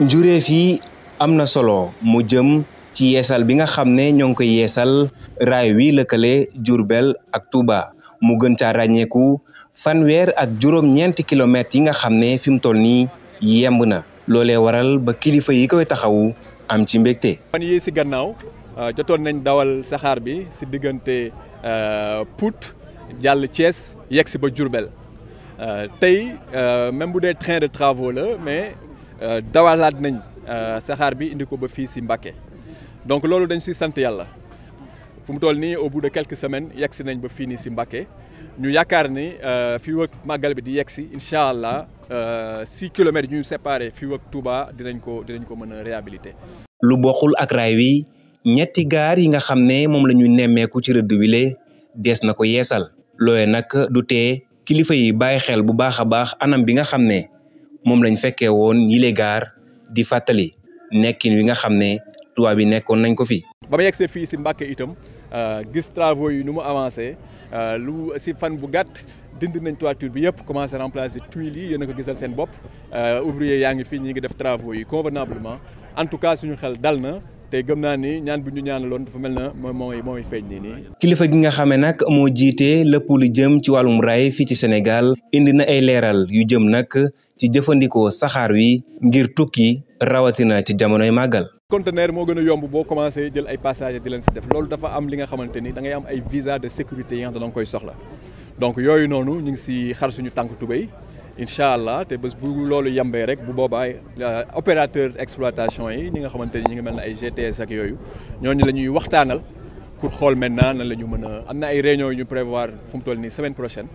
njuréef yi am na solo mu jëm ci yeesal bi nga xam ne ñoo ngi koy yeesal raay wi lëkkale jurbel ak Touba mu gën caa ràññeeku fanweer ak juróom-ñeenti kilomètres yi nga xam ne fi mu toll nii yemb na loole waral ba kilifa yi koy taxawu am ci mbégte. fan yii si gannaaw uh, jotoon nañ dawal saxaar bi si diggante uh, Pout jàll Thiès yegg si ba Diourbel uh, tey même bu dee train de travaux la Euh, dawalaat nañ euh, saxaar bi indi ko ba fii si Mbacké donc loolu dañ si sant yàlla fu mu toll nii au bout de quelques semaines yegg si nañ ba fii nii si Mbacké ñu yaakaar ni euh, fii wëkk màggal bi di yegg si incha allah si kilomètres yu ñu séparé fii wëkk Touba dinañ ko dinañ ko mën a réhabiliter. lu bokkul ak raay wi ñetti gaar yi nga xam ne moom la ñu nemmeeku ci rëdd wile dees na ko yeesal loolee nag du tee kilifa yi bàyyi xel bu baax a baax anam bi nga xam ne. moom lañ fekkee woon yile gaar di fàttali nekkin wi nga xam ne tubaab yi nekkoon nañ ko fi. ba ma yegsee fii si Mbàkke itam euh, gis travaux yi nu mu avancé euh, lu si fan bu gàtt dindi nañ toiture bi yëpp commencé remplacer tuiles yi yéen ko gisal seen bopp euh, ouvrier yaa ngi fii ñi ngi def travaux yi convenablement en tout cas suñu xel dal na. te gëm naa ni ñaan bu ñu ñaanaloon dafa mel na moom mooy mooy feeñ nii nii. kilifa gi nga xamee nag moo jiite lépp lu jëm ci wàllum raay fii ci senegal indi na ay leeral yu jëm nag ci jëfandikoo saxaar wi ngir tukki rawatina ci jamonoy màggal. conteneur moo gën a yomb boo commencé jël ay passager di leen si def loolu dafa am li nga xamante ni da am ay visa de sécurité yi nga xam ne da nga koy soxla donc yooyu noonu ñu ngi si xar suñu tànk tubéy incha allah te bés bu loolu yambee rek bu boobaay euh, opérateur exploitation yi ñi nga xamante ni ñu ngi mel ne ay GTS ak yooyu ñooñu la ñuy waxtaanal pour xool maintenant na la ñu mën a am na ay réunion yu ñu prévoir fu mu toll nii semaine prochaine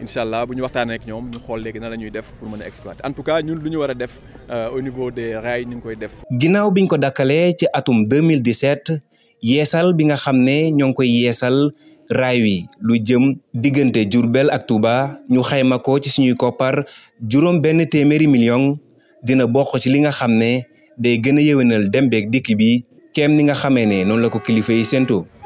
incha allah bu ñu waxtaanee ñoom ñu xool léegi na la ñuy def pour mën a exploiter en tout cas ñun lu ñu war a def euh, au niveau des rails ñu ngi koy def. ginnaaw biñ ko dakkalee ci atum 2017 yeesal bi nga xam ne ñoo ngi koy yeesal. raay wi lu jëm diggante Diourbel ak Touba ñu xayma ko ci suñuy koppar juróom benn téeméeri million dina bokk ci li nga xam ne day gën a yéwénal dem beeg dikk bi kem ni nga xamee ne noonu la ko kilifa yi séentoo